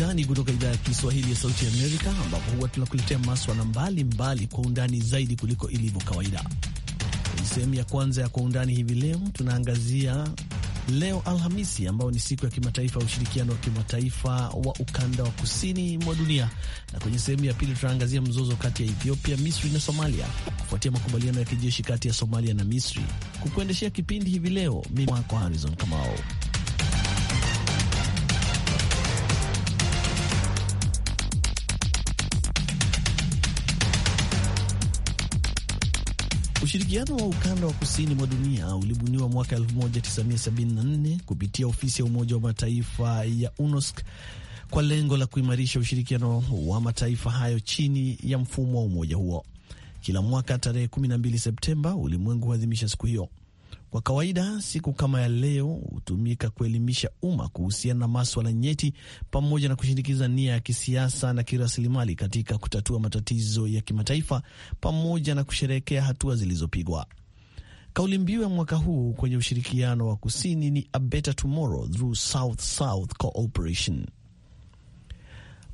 undani kutoka idhaa ya Kiswahili ya Sauti Amerika, ambapo huwa tunakuletea maswala mbalimbali kwa undani zaidi kuliko ilivyo kawaida. Kwenye sehemu ya kwanza ya kwa undani hivi leo tunaangazia leo Alhamisi, ambayo ni siku ya kimataifa ya ushirikiano wa kimataifa wa ukanda wa kusini mwa dunia, na kwenye sehemu ya pili tunaangazia mzozo kati ya Ethiopia, Misri na Somalia kufuatia makubaliano ya kijeshi kati ya Somalia na Misri. Kukuendeshea kipindi hivi leo mimi wako Kamao. Ushirikiano wa ukanda wa kusini mwa dunia ulibuniwa mwaka 1974 kupitia ofisi ya Umoja wa Mataifa ya unosk kwa lengo la kuimarisha ushirikiano wa mataifa hayo chini ya mfumo wa umoja huo. Kila mwaka tarehe 12 Septemba ulimwengu huadhimisha siku hiyo. Kwa kawaida siku kama ya leo hutumika kuelimisha umma kuhusiana na maswala nyeti pamoja na kushindikiza nia ya kisiasa na kirasilimali katika kutatua matatizo ya kimataifa pamoja na kusherehekea hatua zilizopigwa. Kauli mbiu ya mwaka huu kwenye ushirikiano wa kusini ni A Better Tomorrow Through South South Cooperation.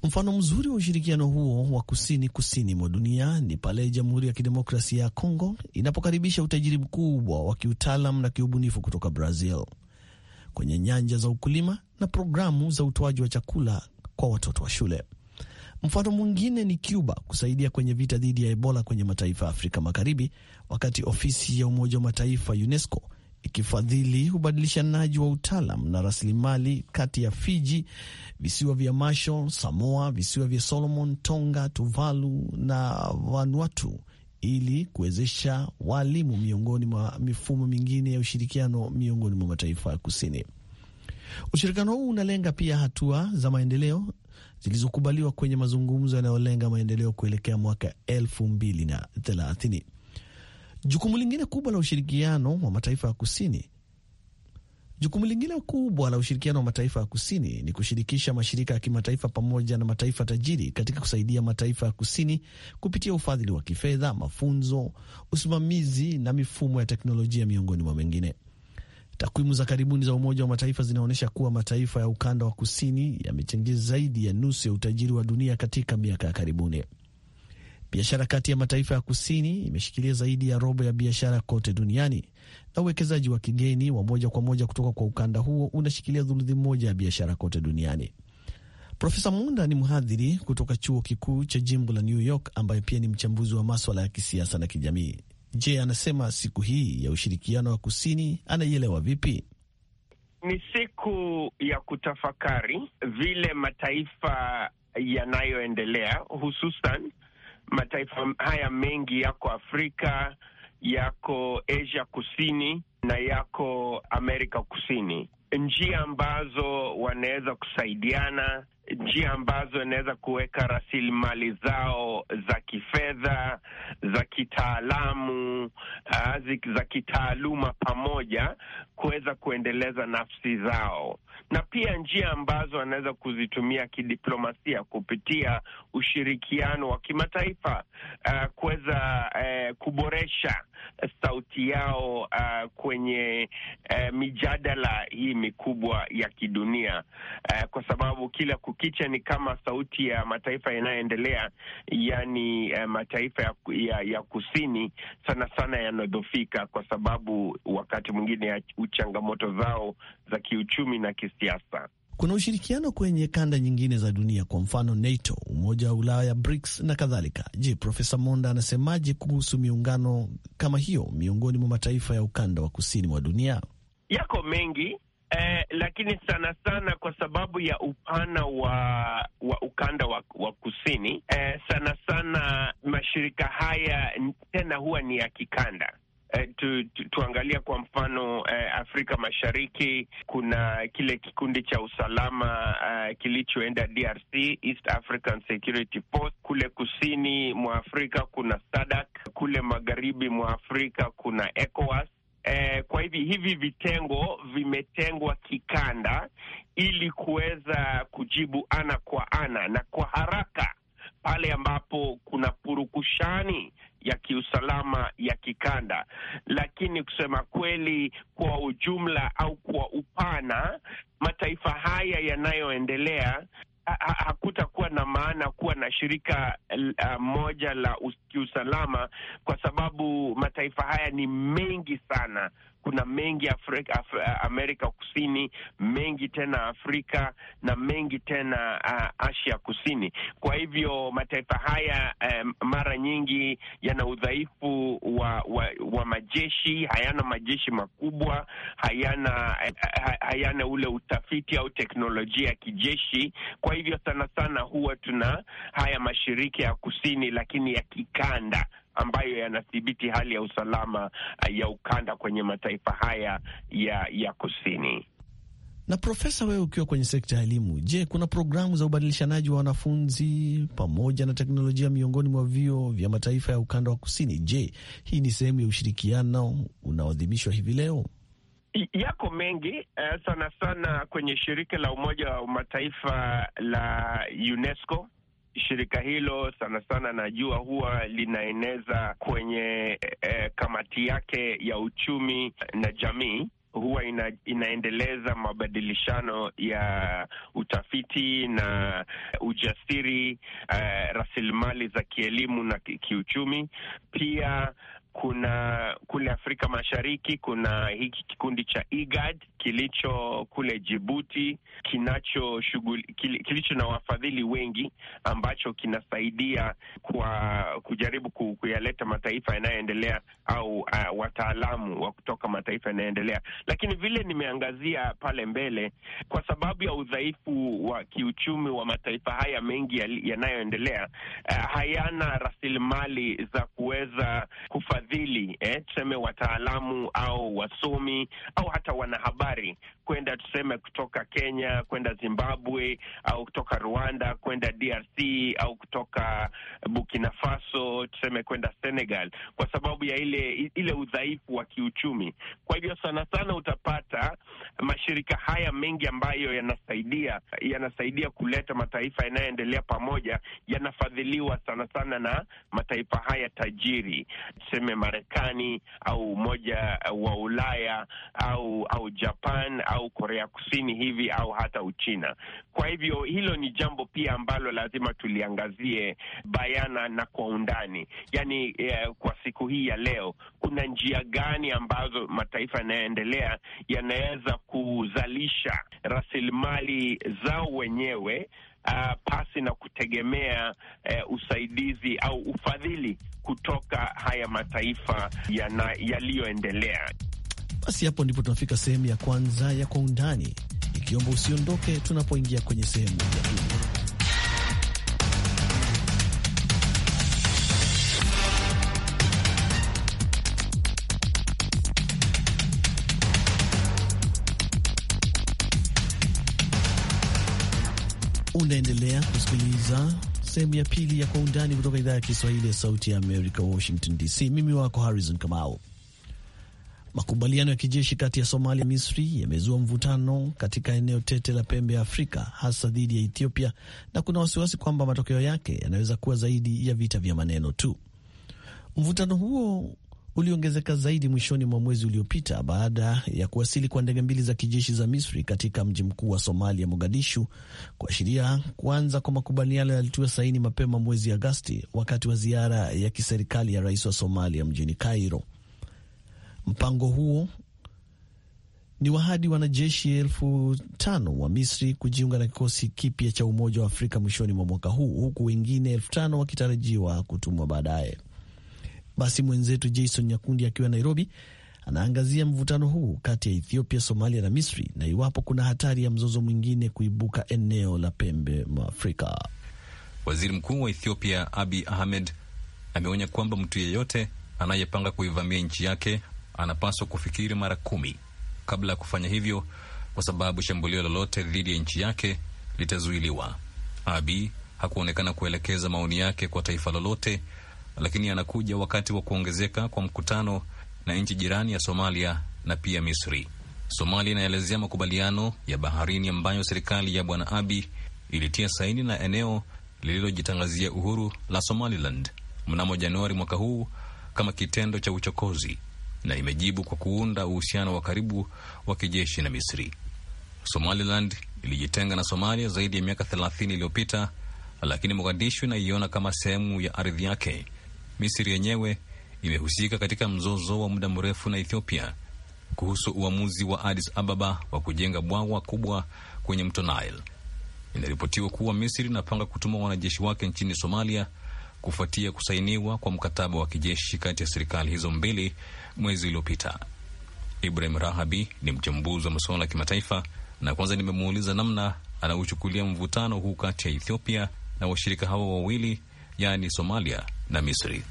Mfano mzuri wa ushirikiano huo wa kusini kusini mwa dunia ni pale Jamhuri ya Kidemokrasia ya Kongo inapokaribisha utajiri mkubwa wa kiutaalam na kiubunifu kutoka Brazil kwenye nyanja za ukulima na programu za utoaji wa chakula kwa watoto wa shule. Mfano mwingine ni Cuba kusaidia kwenye vita dhidi ya Ebola kwenye mataifa ya Afrika Magharibi, wakati ofisi ya Umoja wa Mataifa UNESCO ikifadhili ubadilishanaji wa utaalam na rasilimali kati ya Fiji, visiwa vya Marshall, Samoa, visiwa vya Solomon, Tonga, Tuvalu na Vanuatu ili kuwezesha walimu miongoni mwa mifumo mingine ya ushirikiano miongoni mwa mataifa ya kusini. Ushirikiano huu unalenga pia hatua za maendeleo zilizokubaliwa kwenye mazungumzo yanayolenga maendeleo kuelekea mwaka elfu mbili na thelathini. Jukumu lingine kubwa la ushirikiano wa mataifa ya kusini Jukumu lingine kubwa la ushirikiano wa mataifa ya kusini ni kushirikisha mashirika ya kimataifa pamoja na mataifa tajiri katika kusaidia mataifa ya kusini kupitia ufadhili wa kifedha, mafunzo, usimamizi na mifumo ya teknolojia miongoni mwa mengine. Takwimu za karibuni za Umoja wa Mataifa zinaonyesha kuwa mataifa ya ukanda wa kusini yamechangia zaidi ya nusu ya utajiri wa dunia katika miaka ya karibuni. Biashara kati ya mataifa ya kusini imeshikilia zaidi ya robo ya biashara kote duniani na uwekezaji wa kigeni wa moja kwa moja kutoka kwa ukanda huo unashikilia thuluthi moja ya biashara kote duniani. Profesa Munda ni mhadhiri kutoka chuo kikuu cha jimbo la New York ambaye pia ni mchambuzi wa maswala ya kisiasa na kijamii. Je, anasema siku hii ya ushirikiano wa kusini anaielewa vipi? Ni siku ya kutafakari vile mataifa yanayoendelea hususan mataifa haya mengi yako Afrika, yako Asia Kusini na yako Amerika Kusini, njia ambazo wanaweza kusaidiana njia ambazo inaweza kuweka rasilimali zao za kifedha, za kitaalamu, ah, za kitaaluma pamoja kuweza kuendeleza nafsi zao, na pia njia ambazo wanaweza kuzitumia kidiplomasia kupitia ushirikiano wa kimataifa uh, kuweza uh, kuboresha sauti yao uh, kwenye uh, mijadala hii mikubwa ya kidunia uh, kwa sababu kila kukicha ni kama sauti ya mataifa yanayoendelea, yani uh, mataifa ya, ya, ya kusini sana sana yanadhofika, kwa sababu wakati mwingine ya changamoto zao za kiuchumi na kisiasa kuna ushirikiano kwenye kanda nyingine za dunia, kwa mfano NATO, Umoja wa Ulaya, BRICS na kadhalika. Je, Profesa Monda anasemaje kuhusu miungano kama hiyo miongoni mwa mataifa ya ukanda wa kusini mwa dunia? Yako mengi eh, lakini sana sana kwa sababu ya upana wa, wa ukanda wa, wa kusini eh, sana sana mashirika haya tena huwa ni ya kikanda. Eh, tu, tu, tuangalia kwa mfano eh, Afrika Mashariki, kuna kile kikundi cha usalama uh, kilichoenda DRC, East African Security Force. Kule kusini mwa Afrika kuna SADC, kule magharibi mwa Afrika kuna ECOWAS. Eh, kwa hivi hivi vitengo vimetengwa kikanda ili kuweza kujibu ana kwa ana na kwa haraka pale ambapo kuna purukushani ya kiusalama ya kikanda, lakini kusema kweli, kwa ujumla au kwa upana, mataifa haya yanayoendelea hakutakuwa na maana kuwa na shirika uh, moja la kiusalama kwa sababu mataifa haya ni mengi sana. Kuna mengi Afrika, Af Amerika Kusini, mengi tena Afrika na mengi tena uh, Asia Kusini. Kwa hivyo mataifa haya um, mara nyingi yana udhaifu wa, wa, majeshi, hayana majeshi makubwa, hayana hayana ule utafiti au teknolojia ya kijeshi. Kwa hivyo sana sana huwa tuna haya mashirika ya kusini, lakini ya kikanda ambayo yanathibiti hali ya usalama ya ukanda kwenye mataifa haya ya ya kusini. Na profesa, wewe ukiwa kwenye sekta ya elimu, je, kuna programu za ubadilishanaji wa wanafunzi pamoja na teknolojia miongoni mwa vyuo vya mataifa ya ukanda wa kusini? Je, hii ni sehemu ya ushirikiano unaoadhimishwa hivi leo? Yako mengi eh, sana sana kwenye shirika la Umoja wa Mataifa la UNESCO. Shirika hilo sana sana najua huwa linaeneza kwenye eh, eh kamati yake ya uchumi na jamii huwa ina, inaendeleza mabadilishano ya utafiti na ujasiri uh, rasilimali za kielimu na kiuchumi. Pia kuna kule Afrika Mashariki kuna hiki kikundi cha IGAD kilicho kule Jibuti kinacho shughuli kilicho na wafadhili wengi ambacho kinasaidia kwa kujaribu kuyaleta mataifa yanayoendelea au uh, wataalamu wa kutoka mataifa yanayoendelea. Lakini vile nimeangazia pale mbele, kwa sababu ya udhaifu wa kiuchumi wa mataifa haya mengi yanayoendelea, uh, hayana rasilimali za kuweza kufa wafadhili eh, tuseme wataalamu au wasomi au hata wanahabari kwenda tuseme kutoka Kenya kwenda Zimbabwe au kutoka Rwanda kwenda DRC au kutoka Burkina Faso tuseme kwenda Senegal kwa sababu ya ile ile udhaifu wa kiuchumi. Kwa hivyo sana sana utapata mashirika haya mengi ambayo yanasaidia yanasaidia kuleta mataifa yanayoendelea pamoja yanafadhiliwa sana sana na mataifa haya tajiri tuseme tuseme Marekani au Umoja wa Ulaya au au Japan au Korea Kusini hivi au hata Uchina. Kwa hivyo hilo ni jambo pia ambalo lazima tuliangazie bayana na kwa undani, yani eh, kwa siku hii ya leo kuna njia gani ambazo mataifa yanayoendelea yanaweza kuzalisha rasilimali zao wenyewe uh, pasi na kutegemea uh, usaidizi au ufadhili kutoka haya mataifa yaliyoendelea. Basi hapo ndipo tunafika sehemu ya kwanza ya Kwa Undani, ikiomba usiondoke tunapoingia kwenye sehemu ya pili. Unaendelea kusikiliza sehemu ya pili ya Kwa Undani kutoka idhaa ya Kiswahili ya Sauti ya Amerika, Washington DC. Mimi wako Harrison Kamau. Makubaliano ya kijeshi kati ya Somalia na Misri yamezua mvutano katika eneo tete la pembe ya Afrika, hasa dhidi ya Ethiopia, na kuna wasiwasi kwamba matokeo yake yanaweza kuwa zaidi ya vita vya maneno tu. Mvutano huo uliongezeka zaidi mwishoni mwa mwezi uliopita baada ya kuwasili kwa ndege mbili za kijeshi za Misri katika mji mkuu wa Somalia, Mogadishu, kuashiria kuanza kwa makubaliano yalitiwa saini mapema mwezi Agasti wakati wa ziara ya kiserikali ya rais wa Somalia mjini Cairo. Mpango huo ni wahadi wanajeshi elfu tano wa Misri kujiunga na kikosi kipya cha Umoja wa Afrika mwishoni mwa mwaka huu huku wengine elfu tano wakitarajiwa kutumwa baadaye. Basi mwenzetu Jason Nyakundi akiwa Nairobi anaangazia mvutano huu kati ya Ethiopia, Somalia na Misri na iwapo kuna hatari ya mzozo mwingine kuibuka eneo la pembe mwa Afrika. Waziri Mkuu wa Ethiopia Abi Ahmed ameonya kwamba mtu yeyote anayepanga kuivamia nchi yake anapaswa kufikiri mara kumi kabla ya kufanya hivyo, kwa sababu shambulio lolote dhidi ya nchi yake litazuiliwa. Abi hakuonekana kuelekeza maoni yake kwa taifa lolote lakini yanakuja wakati wa kuongezeka kwa mkutano na nchi jirani ya Somalia na pia Misri. Somalia inaelezea makubaliano ya baharini ambayo serikali ya Bwana Abi ilitia saini na eneo lililojitangazia uhuru la Somaliland mnamo Januari mwaka huu kama kitendo cha uchokozi na imejibu kwa kuunda uhusiano wa karibu wa kijeshi na Misri. Somaliland ilijitenga na Somalia zaidi ya miaka 30 iliyopita, lakini Mogadishu inaiona kama sehemu ya ardhi yake Misri yenyewe imehusika katika mzozo wa muda mrefu na Ethiopia kuhusu uamuzi wa Addis Ababa wa kujenga bwawa kubwa kwenye mto Nile. Inaripotiwa kuwa Misri inapanga kutuma wanajeshi wake nchini Somalia kufuatia kusainiwa kwa mkataba wa kijeshi kati ya serikali hizo mbili mwezi uliopita. Ibrahim Rahabi ni mchambuzi wa masuala ya kimataifa na kwanza nimemuuliza namna anaochukulia mvutano huu kati ya Ethiopia na washirika hawa wawili, yaani Somalia na Misri.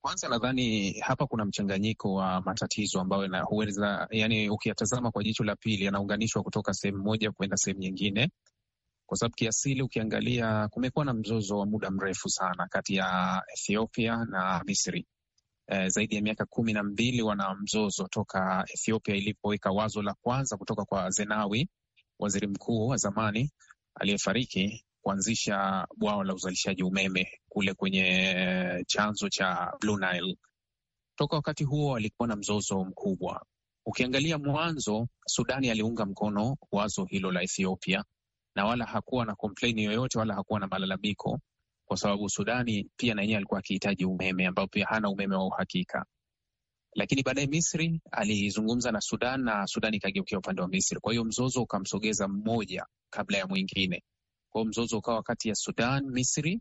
Kwanza nadhani hapa kuna mchanganyiko wa matatizo ambayo huweza, yani, ukiyatazama kwa jicho la pili, yanaunganishwa kutoka sehemu moja kwenda sehemu nyingine, kwa sababu kiasili ukiangalia, kumekuwa na mzozo wa muda mrefu sana kati ya Ethiopia na Misri. E, zaidi ya miaka kumi na mbili wana mzozo toka Ethiopia ilipoweka wazo la kwanza kutoka kwa Zenawi, waziri mkuu wa zamani aliyefariki, kuanzisha bwawa la uzalishaji umeme kule kwenye eh, chanzo cha Blue Nile. Toka wakati huo walikuwa na mzozo mkubwa. Ukiangalia mwanzo, Sudani aliunga mkono wazo hilo la Ethiopia na wala hakuwa na komplaini yoyote wala hakuwa na malalamiko, kwa sababu Sudani pia na yeye alikuwa akihitaji umeme ambao pia hana umeme wa uhakika. Lakini baadaye Misri alizungumza na Sudan na Sudan ikageukia upande wa Misri. Kwa hiyo mzozo ukamsogeza mmoja kabla ya mwingine. Kwa hiyo mzozo ukawa kati ya Sudan, Misri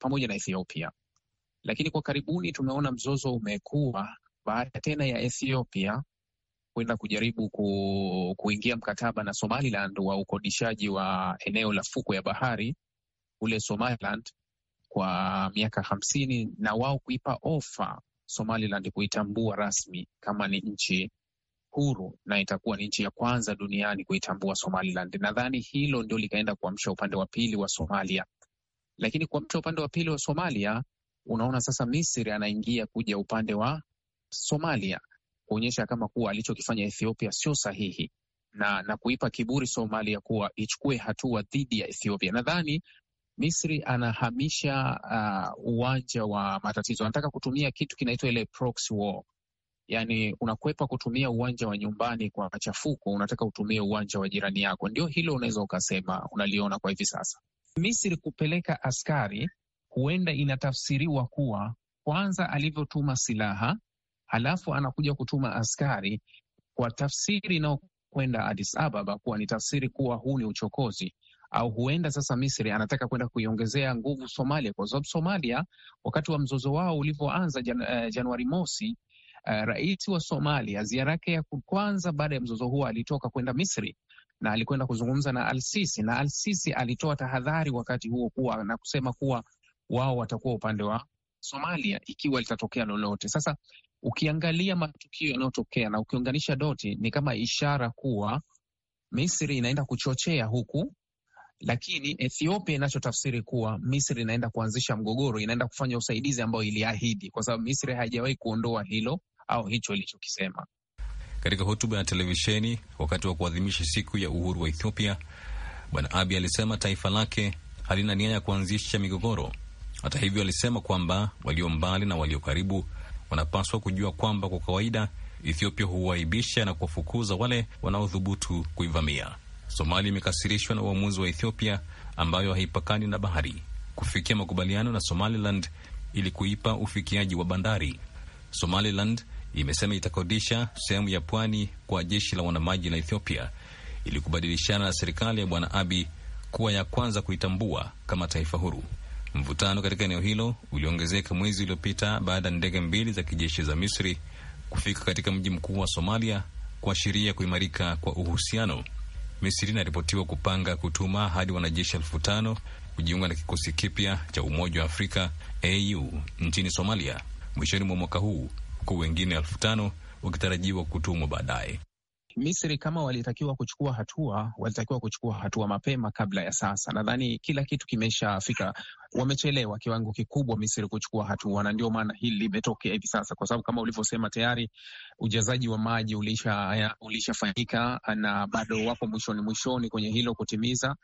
pamoja na Ethiopia. Lakini kwa karibuni tumeona mzozo umekuwa baada tena ya Ethiopia kwenda kujaribu ku, kuingia mkataba na Somaliland wa ukodishaji wa eneo la fuko ya bahari kule Somaliland kwa miaka hamsini na wao kuipa ofa Somaliland kuitambua rasmi kama ni nchi huru na itakuwa ni nchi ya kwanza duniani kuitambua Somaliland. Nadhani hilo ndio likaenda kuamsha upande wa pili wa Somalia lakini kwa mtu wa upande wa pili wa Somalia, unaona sasa Misri anaingia kuja upande wa Somalia kuonyesha kama kuwa alichokifanya Ethiopia sio sahihi na, na kuipa kiburi Somalia kuwa ichukue hatua dhidi ya Ethiopia. Nadhani Misri anahamisha uh, uwanja wa matatizo. Anataka kutumia kitu kinaitwa ile proxy war, yani unakwepa kutumia uwanja wa nyumbani kwa machafuko, unataka utumie uwanja wa jirani yako. Ndio hilo unaweza ukasema unaliona kwa hivi sasa. Misri kupeleka askari huenda inatafsiriwa kuwa kwanza alivyotuma silaha, halafu anakuja kutuma askari, kwa tafsiri inayokwenda Addis Ababa kuwa ni tafsiri kuwa huu ni uchokozi au huenda sasa Misri anataka kwenda kuiongezea nguvu Somalia, kwa sababu Somalia wakati wa mzozo wao ulivyoanza jan, uh, Januari mosi uh, rais wa Somalia ziara yake ya kwanza baada ya mzozo huo alitoka kwenda Misri na alikwenda kuzungumza na alsisi na Alsisi alitoa tahadhari wakati huo kuwa na kusema kuwa wao watakuwa upande wa Somalia ikiwa litatokea lolote. Sasa ukiangalia matukio yanayotokea na ukiunganisha doti, ni kama ishara kuwa Misri inaenda kuchochea huku, lakini Ethiopia inachotafsiri kuwa Misri inaenda kuanzisha mgogoro, inaenda kufanya usaidizi ambao iliahidi, kwa sababu Misri haijawahi kuondoa hilo au hicho ilichokisema. Katika hotuba ya televisheni wakati wa kuadhimisha siku ya uhuru wa Ethiopia, Bwana Abiy alisema taifa lake halina nia ya kuanzisha migogoro. Hata hivyo, alisema kwamba walio mbali na walio karibu wanapaswa kujua kwamba kwa kawaida Ethiopia huwaibisha na kuwafukuza wale wanaothubutu kuivamia. Somalia imekasirishwa na uamuzi wa Ethiopia ambayo haipakani na bahari kufikia makubaliano na Somaliland ili kuipa ufikiaji wa bandari. Somaliland imesema itakodisha sehemu ya pwani kwa jeshi la wanamaji la Ethiopia ili kubadilishana na serikali ya Bwana Abi kuwa ya kwanza kuitambua kama taifa huru. Mvutano katika eneo hilo uliongezeka mwezi uliopita baada ya ndege mbili za kijeshi za Misri kufika katika mji mkuu wa Somalia kuashiria kuimarika kwa uhusiano. Misri inaripotiwa kupanga kutuma hadi wanajeshi elfu tano kujiunga na kikosi kipya cha Umoja wa Afrika AU nchini Somalia mwishoni mwa mwaka huu huku wengine elfu tano wakitarajiwa kutumwa baadaye. Misri kama walitakiwa kuchukua hatua, walitakiwa kuchukua hatua mapema kabla ya sasa. Nadhani kila kitu kimeshafika. Wamechelewa kiwango kikubwa Misri kuchukua hatua, na ndio maana hili limetokea hivi sasa, kwa sababu kama ulivyosema tayari ujazaji wa maji ulishafanyika ulisha na bado wapo mwishoni mwishoni kwenye hilo kutimiza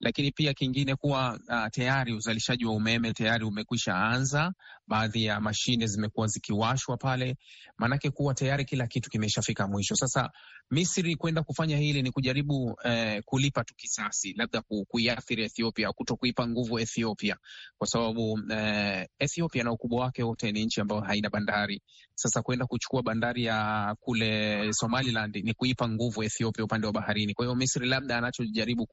lakini pia kingine kuwa uh, tayari uzalishaji wa umeme tayari umekwisha anza. Baadhi ya mashine zimekuwa zikiwashwa pale, maanake kuwa tayari kila kitu kimeshafika mwisho. Sasa Misri kwenda kufanya hili ni kujaribu eh, kulipa tu kisasi, labda kuiathiri Ethiopia, kuto kuipa nguvu Ethiopia, kwa sababu eh, Ethiopia na ukubwa wake wote ni nchi ambayo haina bandari. Sasa kwenda kuchukua bandari ya kule Somaliland ni kuipa nguvu Ethiopia upande wa baharini. Kwa hiyo Misri labda anachojaribu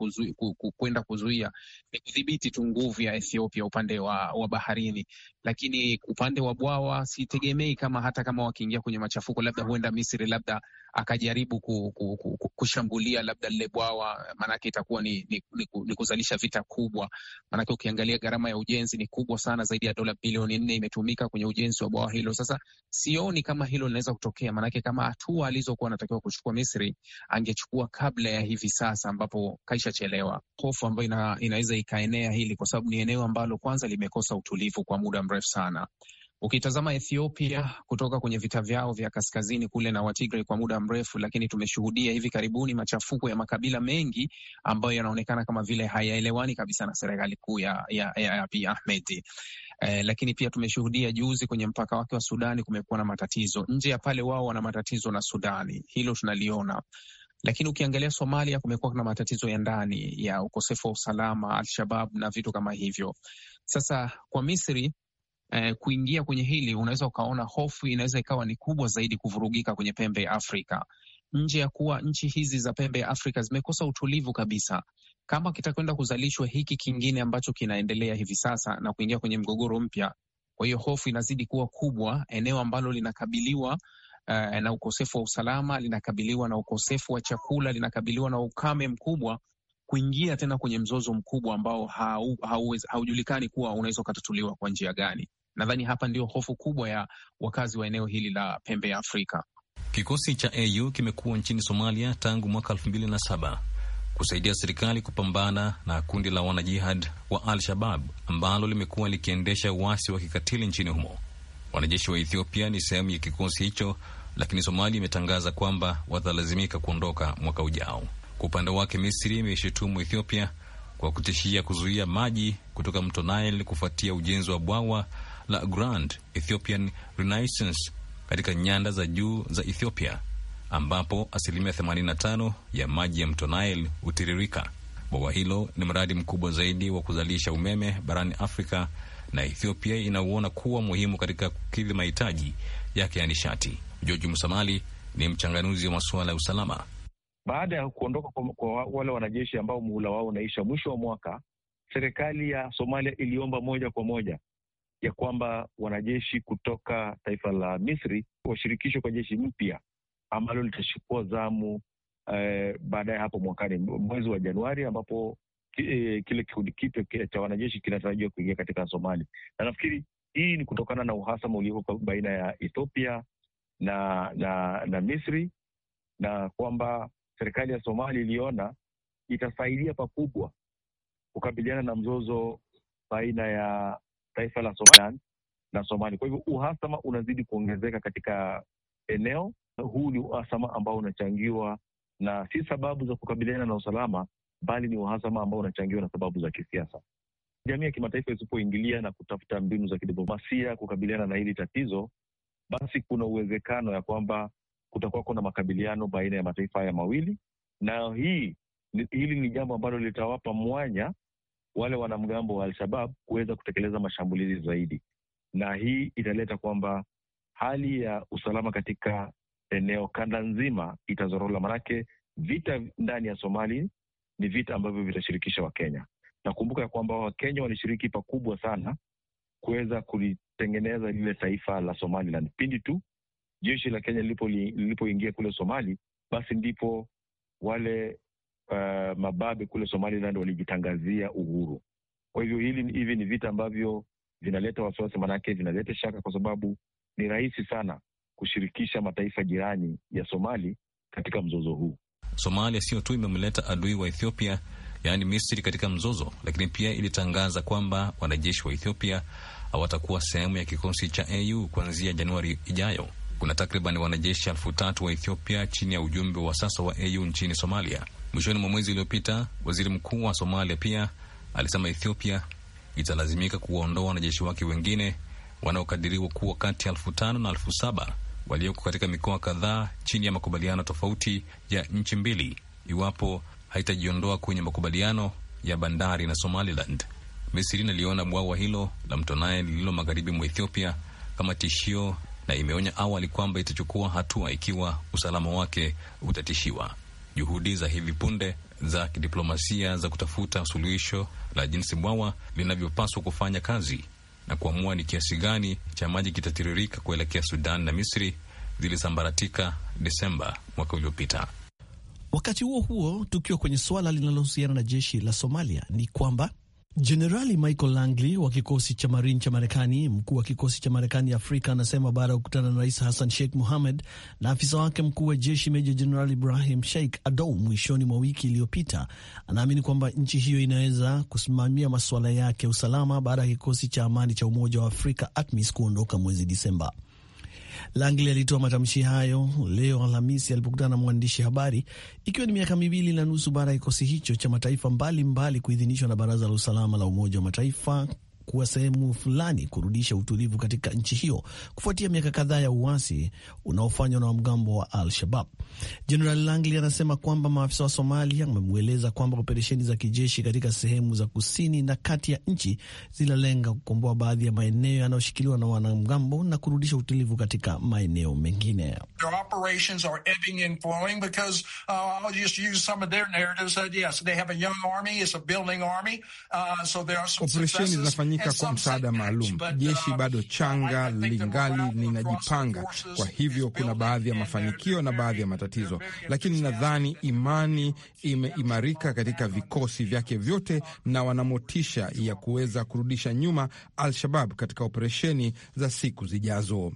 kwenda kwenda kuzuia ni kudhibiti tu nguvu ya Ethiopia upande wa, wa baharini, lakini upande wa bwawa sitegemei kama hata kama wakiingia kwenye machafuko, labda huenda Misri labda akajaribu ku, ku, ku, ku, kushambulia labda lile bwawa, maanake itakuwa ni, ni, ni, ni kuzalisha vita kubwa, maanake ukiangalia gharama ya ujenzi ni kubwa sana, zaidi ya dola bilioni nne imetumika kwenye ujenzi wa bwawa hilo. Sasa sioni kama hilo linaweza kutokea, maanake kama hatua alizokuwa anatakiwa kuchukua Misri angechukua kabla ya hivi sasa, ambapo kaishachelewa. Hofu ambayo ina, inaweza ikaenea hili kwa sababu ni eneo ambalo kwanza limekosa utulivu kwa muda mrefu sana. Ukitazama Ethiopia kutoka kwenye vita vyao vya kaskazini kule na Watigray kwa muda mrefu, lakini tumeshuhudia hivi karibuni machafuko ya makabila mengi ambayo yanaonekana kama vile hayaelewani kabisa na serikali kuu ya, ya, ya, ya Abiy Ahmed. Eh, lakini pia tumeshuhudia juzi kwenye mpaka wake wa Sudani kumekuwa na matatizo. Nje ya pale wao wana matatizo na Sudani, hilo tunaliona. Lakini ukiangalia Somalia, kumekuwa na matatizo ya ndani ya ukosefu wa usalama, Al-Shabab na vitu kama hivyo. Sasa kwa Misri eh, kuingia kwenye hili, unaweza ukaona hofu inaweza ikawa ni kubwa zaidi kuvurugika kwenye pembe ya Afrika, nje ya kuwa nchi hizi za pembe ya Afrika zimekosa utulivu kabisa. Kama kitakwenda kuzalishwa hiki kingine ambacho kinaendelea hivi sasa na kuingia kwenye mgogoro mpya, kwa hiyo hofu inazidi kuwa kubwa, eneo ambalo linakabiliwa uh, na ukosefu wa usalama, linakabiliwa na ukosefu wa chakula, linakabiliwa na ukame mkubwa, kuingia tena kwenye mzozo mkubwa ambao hau, hau, haujulikani kuwa unaweza ukatatuliwa kwa njia gani. Nadhani hapa ndio hofu kubwa ya wakazi wa eneo hili la pembe ya Afrika. Kikosi cha AU kimekuwa nchini Somalia tangu mwaka elfu mbili na saba kusaidia serikali kupambana na kundi la wanajihad wa Al-Shabab ambalo limekuwa likiendesha uasi wa kikatili nchini humo. Wanajeshi wa Ethiopia ni sehemu ya kikosi hicho lakini Somalia imetangaza kwamba watalazimika kuondoka mwaka ujao. Kwa upande wake, Misri imeishutumu Ethiopia kwa kutishia kuzuia maji kutoka mto Nile kufuatia ujenzi wa bwawa la Grand Ethiopian Renaissance katika nyanda za juu za Ethiopia ambapo asilimia 85 ya maji ya mto Nile hutiririka. Bwawa hilo ni mradi mkubwa zaidi wa kuzalisha umeme barani Afrika na Ethiopia inauona kuwa muhimu katika kukidhi mahitaji yake ya nishati. George Musamali ni mchanganuzi wa masuala ya usalama. Baada ya kuondoka kwa, kwa wale wanajeshi ambao muhula wao unaisha mwisho wa mwaka, serikali ya Somalia iliomba moja kwa moja ya kwamba wanajeshi kutoka taifa la Misri washirikishwe kwa jeshi mpya ambalo litachukua zamu eh, baadaye hapo mwakani mwezi wa Januari ambapo eh, kile kikundi kipya cha wanajeshi kinatarajiwa kuingia katika Somali, na nafikiri hii ni kutokana na uhasama ulioko baina ya Ethiopia na na na Misri na kwamba serikali ya Somali iliona itasaidia pakubwa kukabiliana na mzozo baina ya taifa la Somaliland na Somali. Kwa hivyo uhasama unazidi kuongezeka katika eneo. Huu ni uhasama ambao unachangiwa na si sababu za kukabiliana na usalama, bali ni uhasama ambao unachangiwa na sababu za kisiasa. Jamii ya kimataifa isipoingilia na kutafuta mbinu za kidiplomasia kukabiliana na hili tatizo, basi kuna uwezekano ya kwamba kutakuwa kuna makabiliano baina ya mataifa haya mawili, na hii hili ni jambo ambalo litawapa mwanya wale wanamgambo wa Al-Shabab kuweza kutekeleza mashambulizi zaidi, na hii italeta kwamba hali ya usalama katika eneo kanda nzima itazorola, manake vita ndani ya Somali ni vita ambavyo vitashirikisha Wakenya. Nakumbuka ya kwamba Wakenya walishiriki pakubwa sana kuweza kulitengeneza lile taifa la Somaliland. Pindi tu jeshi la Kenya lilipoingia kule Somali, basi ndipo wale uh, mababe kule Somaliland walijitangazia uhuru. Kwa hivyo hili hivi ni vita ambavyo vinaleta wasiwasi, manake vinaleta shaka, kwa sababu ni rahisi sana kushirikisha mataifa jirani ya Somali katika mzozo huu. Somalia sio tu imemleta adui wa Ethiopia yaani Misri katika mzozo, lakini pia ilitangaza kwamba wanajeshi wa Ethiopia hawatakuwa sehemu ya kikosi cha AU kuanzia Januari ijayo. Kuna takriban wanajeshi elfu tatu wa Ethiopia chini ya ujumbe wa sasa wa AU nchini Somalia. Mwishoni mwa mwezi uliopita, waziri mkuu wa Somalia pia alisema Ethiopia italazimika kuwaondoa wanajeshi wake wengine wanaokadiriwa kuwa kati ya elfu tano na elfu saba walioko katika mikoa kadhaa chini ya makubaliano tofauti ya nchi mbili iwapo haitajiondoa kwenye makubaliano ya bandari na Somaliland. Misri inaliona bwawa hilo la mto Nile lililo magharibi mwa Ethiopia kama tishio na imeonya awali kwamba itachukua hatua ikiwa usalama wake utatishiwa. Juhudi za hivi punde za kidiplomasia za kutafuta suluhisho la jinsi bwawa linavyopaswa kufanya kazi na kuamua ni kiasi gani cha maji kitatiririka kuelekea Sudan na Misri zilisambaratika Desemba mwaka uliopita. Wakati huo huo, tukiwa kwenye suala linalohusiana na jeshi la Somalia ni kwamba Jenerali Michael Langley wa kikosi cha Marine cha Marekani, mkuu wa kikosi cha Marekani Afrika, anasema baada ya kukutana na Rais Hassan Sheikh Mohamed na afisa wake mkuu wa jeshi Meja Jenerali Ibrahim Sheikh Adou mwishoni mwa wiki iliyopita, anaamini kwamba nchi hiyo inaweza kusimamia masuala yake ya usalama baada ya kikosi cha amani cha Umoja wa Afrika ATMIS kuondoka mwezi Disemba. Langley alitoa matamshi hayo leo Alhamisi alipokutana na mwandishi habari, ikiwa ni miaka miwili na nusu baada ya kikosi hicho cha mataifa mbalimbali kuidhinishwa na Baraza la Usalama la Umoja wa Mataifa kuwa sehemu fulani kurudisha utulivu katika nchi hiyo kufuatia miaka kadhaa ya uasi unaofanywa na wamgambo wa Al Shabab. Jenerali Langley anasema kwamba maafisa wa Somalia wamemweleza kwamba operesheni za kijeshi katika sehemu za kusini na kati ya nchi zinalenga kukomboa baadhi ya maeneo yanayoshikiliwa na wanamgambo na kurudisha utulivu katika maeneo mengine. Uh, uh, operesheni zinafanyika kufanyika kwa msaada maalum. Uh, Jeshi bado changa, lingali linajipanga. Kwa hivyo kuna baadhi ya uh, mafanikio na baadhi ya matatizo, lakini nadhani uh, imani imeimarika katika vikosi vyake vyote na wanamotisha ya kuweza kurudisha nyuma Al-Shabab katika operesheni za siku zijazo.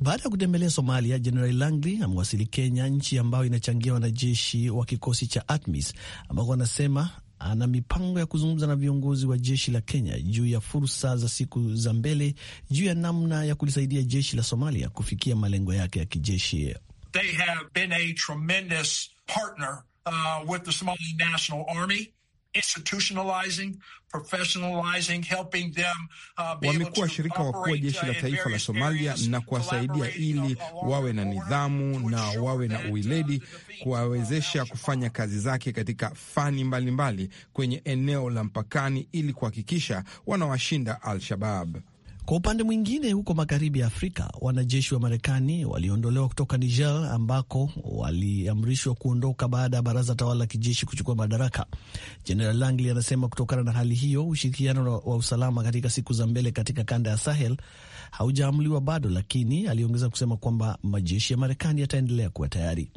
Baada ya kutembelea Somalia, Jenerali Langley amewasili Kenya, nchi ambayo inachangia wanajeshi wa kikosi cha ATMIS ambako wanasema ana mipango ya kuzungumza na viongozi wa jeshi la Kenya juu ya fursa za siku za mbele juu ya namna ya kulisaidia jeshi la Somalia kufikia malengo yake ya kijeshi. They have been a tremendous partner, uh, with the Somali National Army. Uh, wamekuwa washirika wakuu wa jeshi la taifa la Somalia na kuwasaidia ili wawe na nidhamu uh, na wawe na uweledi, kuwawezesha kufanya kazi zake katika fani mbalimbali mbali kwenye eneo la mpakani ili kuhakikisha wanawashinda Al-Shabab. Kwa upande mwingine, huko magharibi ya Afrika, wanajeshi wa Marekani waliondolewa kutoka Niger ambako waliamrishwa kuondoka baada ya baraza tawala la kijeshi kuchukua madaraka. Jeneral Langley anasema kutokana na hali hiyo, ushirikiano wa usalama katika siku za mbele katika kanda ya Sahel haujaamuliwa bado, lakini aliongeza kusema kwamba majeshi ya Marekani yataendelea kuwa tayari.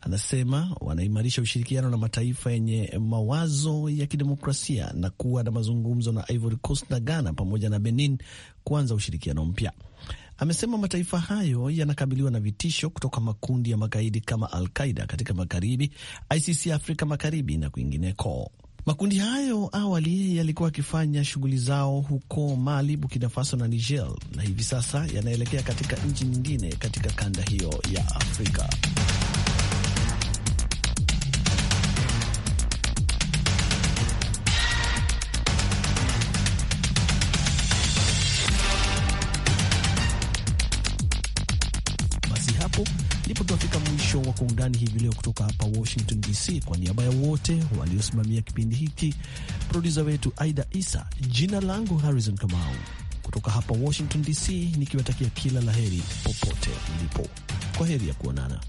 Anasema wanaimarisha ushirikiano na mataifa yenye mawazo ya kidemokrasia na kuwa na mazungumzo na Ivory Coast na Ghana pamoja na Benin kuanza ushirikiano mpya. Amesema mataifa hayo yanakabiliwa na vitisho kutoka makundi ya magaidi kama Al Qaida katika magharibi, ICC Afrika Magharibi na kwingineko. Makundi hayo awali yalikuwa yakifanya shughuli zao huko Mali, Burkina Faso na Niger, na hivi sasa yanaelekea katika nchi nyingine katika kanda hiyo ya Afrika. kwa undani hivi leo kutoka hapa Washington DC. Kwa niaba ya wote waliosimamia kipindi hiki, produsa wetu Aida Isa, jina langu Harrison Kamau kutoka hapa Washington DC, nikiwatakia kila la heri popote mlipo. Kwa heri ya kuonana.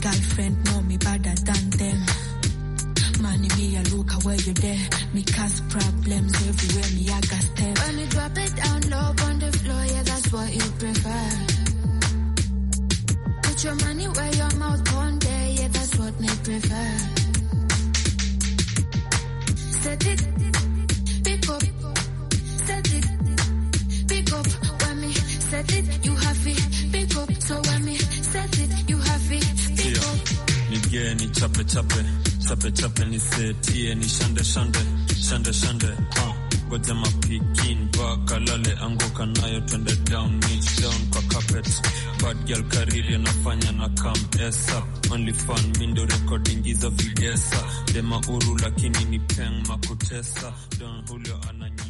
girlfriend know me better than them. Money me a look where you there. Me cause problems everywhere me I got step. When you drop it down low on the floor, yeah, that's what you prefer. Put your money where your mouth on there, yeah, that's what me prefer. Set it, pick up, set it, pick up. When me set it, you have it, pick up. So when me nige ni chape chape chape chape nisetie ni shande shande shande shande ha goja mapikin vakalale anguka nayo twende down niche down kwa carpet bad girl kariri anafanya na kam esa only fun mindo recording hizo vigesa dema uru lakini ni peng makutesa don hulio anany